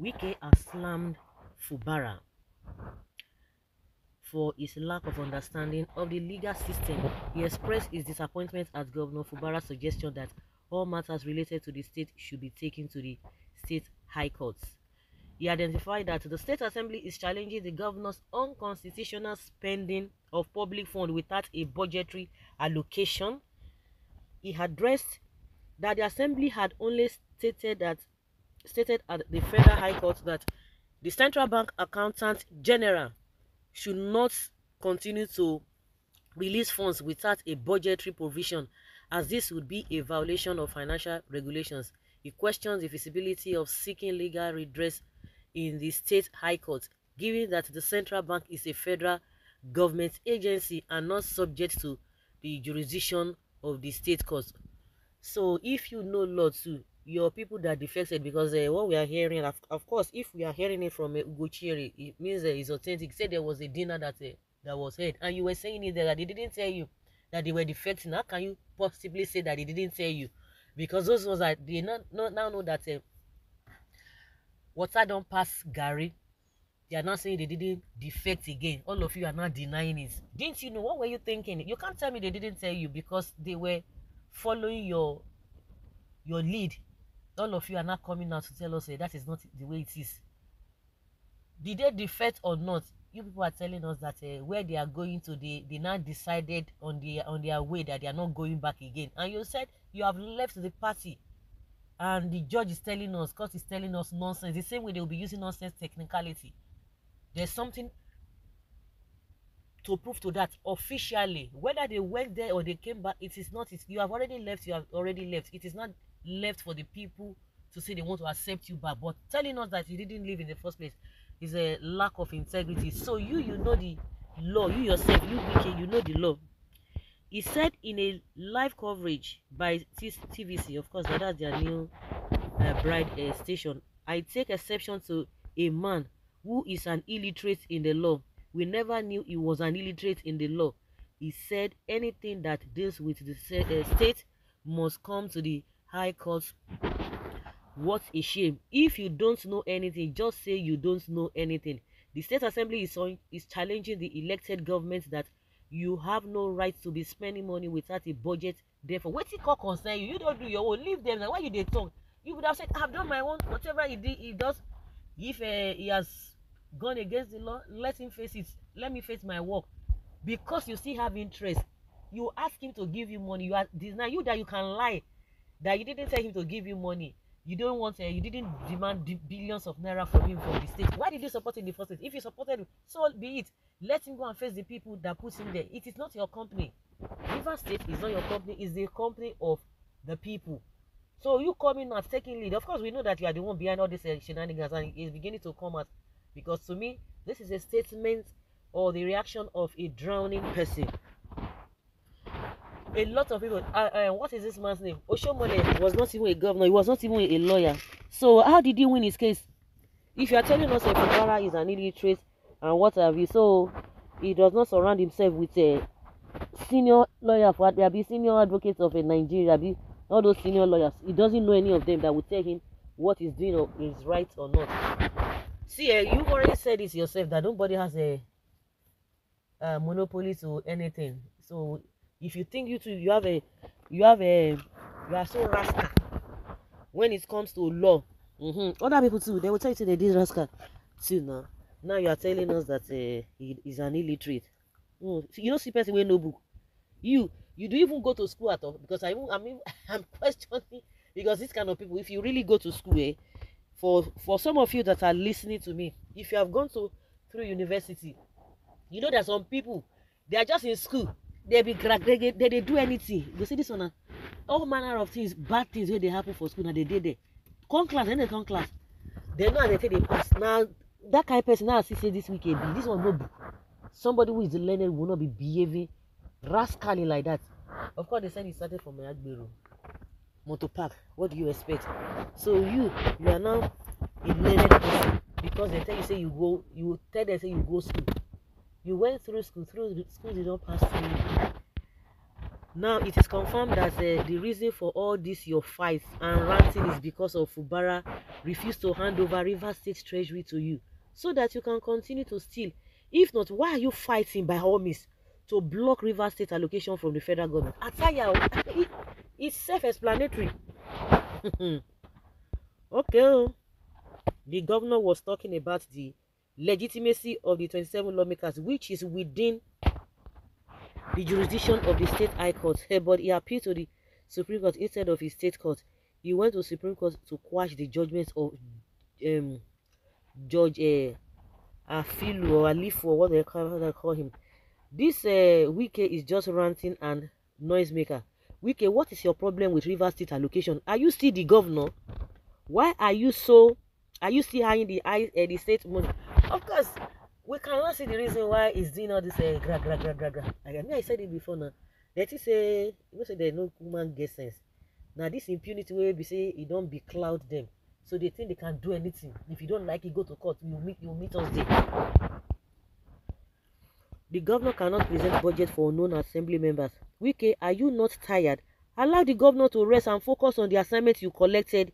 Wike has slammed Fubara for his lack of understanding of the legal system. He expressed his disappointment at Governor Fubara's suggestion that all matters related to the state should be taken to the state high courts. He identified that the state assembly is challenging the governor's unconstitutional spending of public funds without a budgetary allocation. He addressed that the assembly had only stated that stated at the Federal High Court that the Central Bank Accountant General should not continue to release funds without a budgetary provision as this would be a violation of financial regulations. He questions the feasibility of seeking legal redress in the state high court, given that the central bank is a federal government agency and not subject to the jurisdiction of the state court. So if you know law too, your people that defected because uh, what we are hearing of, of, course if we are hearing it from uh, eh, Ugochiri, it means uh, it's authentic said there was a dinner that uh, that was held and you were saying it that they didn't tell you that they were defecting how can you possibly say that they didn't tell you because those ones that they not, not now know that uh, water don't pass Gary they are not saying they didn't defect again all of you are not denying it didn't you know what were you thinking you can't tell me they didn't tell you because they were following your your lead all of you are now coming out to tell us that eh, that is not the way it is did they defect or not you people are telling us that uh, where they are going to they they now decided on the on their way that they are not going back again and you said you have left the party and the judge is telling us court he's telling us nonsense the same way they will be using nonsense technicality there's something to prove to that officially whether they went there or they came back it is not it you have already left you have already left it is not left for the people to say they want to accept you back. But telling us that you didn't live in the first place is a lack of integrity. So you, you know the law. You yourself, you BK, you know the law. He said in a live coverage by TVC, of course, that is their new uh, bride uh, station. I take exception to a man who is an illiterate in the law. We never knew he was an illiterate in the law. He said anything that deals with the uh, state must come to the High Court. What a shame. If you don't know anything, just say you don't know anything. The State Assembly is, on, is challenging the elected government that you have no right to be spending money without a budget. Therefore, wetin call concern you? You don't do your own. Leave them. Now, why you dey talk? You would have said, I've done my own. Whatever he did, he does. If uh, he has gone against the law, let him face it. Let me face my work. Because you still have interest, you ask him to give you money. You are denying you that you can lie that you didn't tell him to give you money you don't want uh, you didn't demand d- billions of naira from him from the state why did you support him in the first place if you supported him so be it let him go and face the people that put him there it is not your company Rivers State is not your company it's the company of the people so you coming and taking lead of course we know that you are the one behind all these uh, shenanigans and it's beginning to come out because to me this is a statement or the reaction of a drowning person a lot of people uh, uh, what is this man's name Oshomole was not even a governor he was not even a lawyer so how did he win his case if you are telling us that Ekubara is an illiterate and what have you so he does not surround himself with a senior lawyer for be senior advocates of a Nigeria be all those senior lawyers he doesn't know any of them that will tell him what he's doing or is right or not see eh, you already said this yourself that nobody has a, a monopoly to anything so if you think you too you have a you have a you are so rascal when it comes to law mm-hmm. other people too they will tell you they did rascal too now now you are telling us that uh, he is an illiterate mm. you know see person wey no book you you do even go to school at all because i even i mean i'm questioning because this kind of people if you really go to school eh for for some of you that are listening to me if you have gone to through university you know that some people they are just in school they be gra, they dey they dey do anything you go see this one na all manner of things bad things wey dey happen for school na dey dey there come class when they come class they know how they take dey pass na that kind of person now see say this week be eh, this one no be somebody who is learned will not be behaving rascally like that of course they said it started from Agbero motor park what do you expect so you you are now a learned person because they tell you say you go you tell them say you go school you went through school through school did not pass through now it is confirmed that uh, the reason for all this your fight and ranting is because of Fubara refused to hand over River State Treasury to you so that you can continue to steal if not why are you fighting by all means to block River State allocation from the federal government ataya it, it's self-explanatory okay o the governor was talking about the legitimacy of the 27 lawmakers, which is within the jurisdiction of the state high court. Eh, but he appealed to the Supreme Court instead of his state court. He went to Supreme Court to quash the judgments of um, Judge uh, Afilu or Alifu or what they call him. This uh, Wike is just ranting and noisemaker. Wike, what is your problem with River State allocation? Are you still the governor? Why are you so? Are you still hiding the uh, the state money? Of course, we cannot see the reason why he's doing all this uh, gra gra gra gra gra. I mean, I said it before now. Let it say, you know, say there's no human get sense. Now this impunity wey be say it don't be cloud them, so they think they can do anything. If you don't like it, go to court. You meet, you meet us there. The governor cannot present budget for unknown assembly members. Wike, are you not tired? Allow the governor to rest and focus on the assignment you collected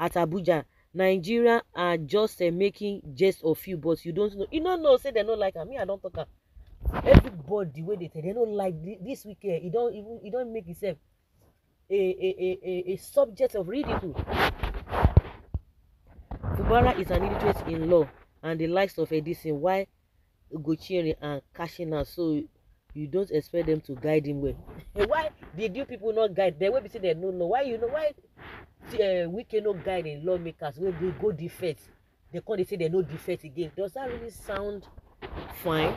at Abuja nigeria are just uh, making jest of you but you don't know you no know say dem no like am me i don talk am everybody wey dey tell they no like this weekend eh, e don even e don make itself a a a a subject of ridicule fubara is an interest in law and the likes of edison why ugochiere and kashina so you don't expect them to guide him well why did you people not guide them wey be say dem no know why you know why uh, eh, wike no guide im lawmakers wey dey go defect dem come dey say dem no defect again does that really sound fine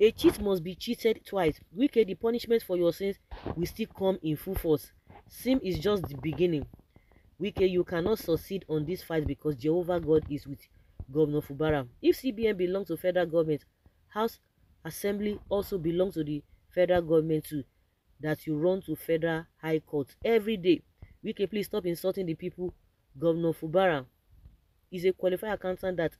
a cheat must be cheated twice wike the punishment for your sins will still come in full force sin is just the beginning wike you cannot succeed on this fight because jehovah god is with governor fubara if cbn belong to federal government house assembly also belong to the federal government too that you run to federal high court every day Wike, please stop insulting the people. Governor Fubara is a qualified accountant that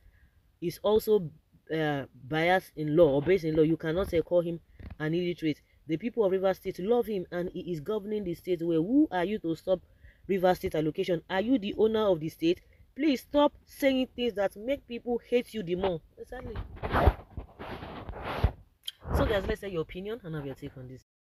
is also uh, biased in law or based in law. You cannot uh, call him an illiterate. The people of River State love him and he is governing the state where who are you to stop River State allocation? Are you the owner of the state? Please stop saying things that make people hate you the more. Exactly. So guys, let's say your opinion and have your take on this.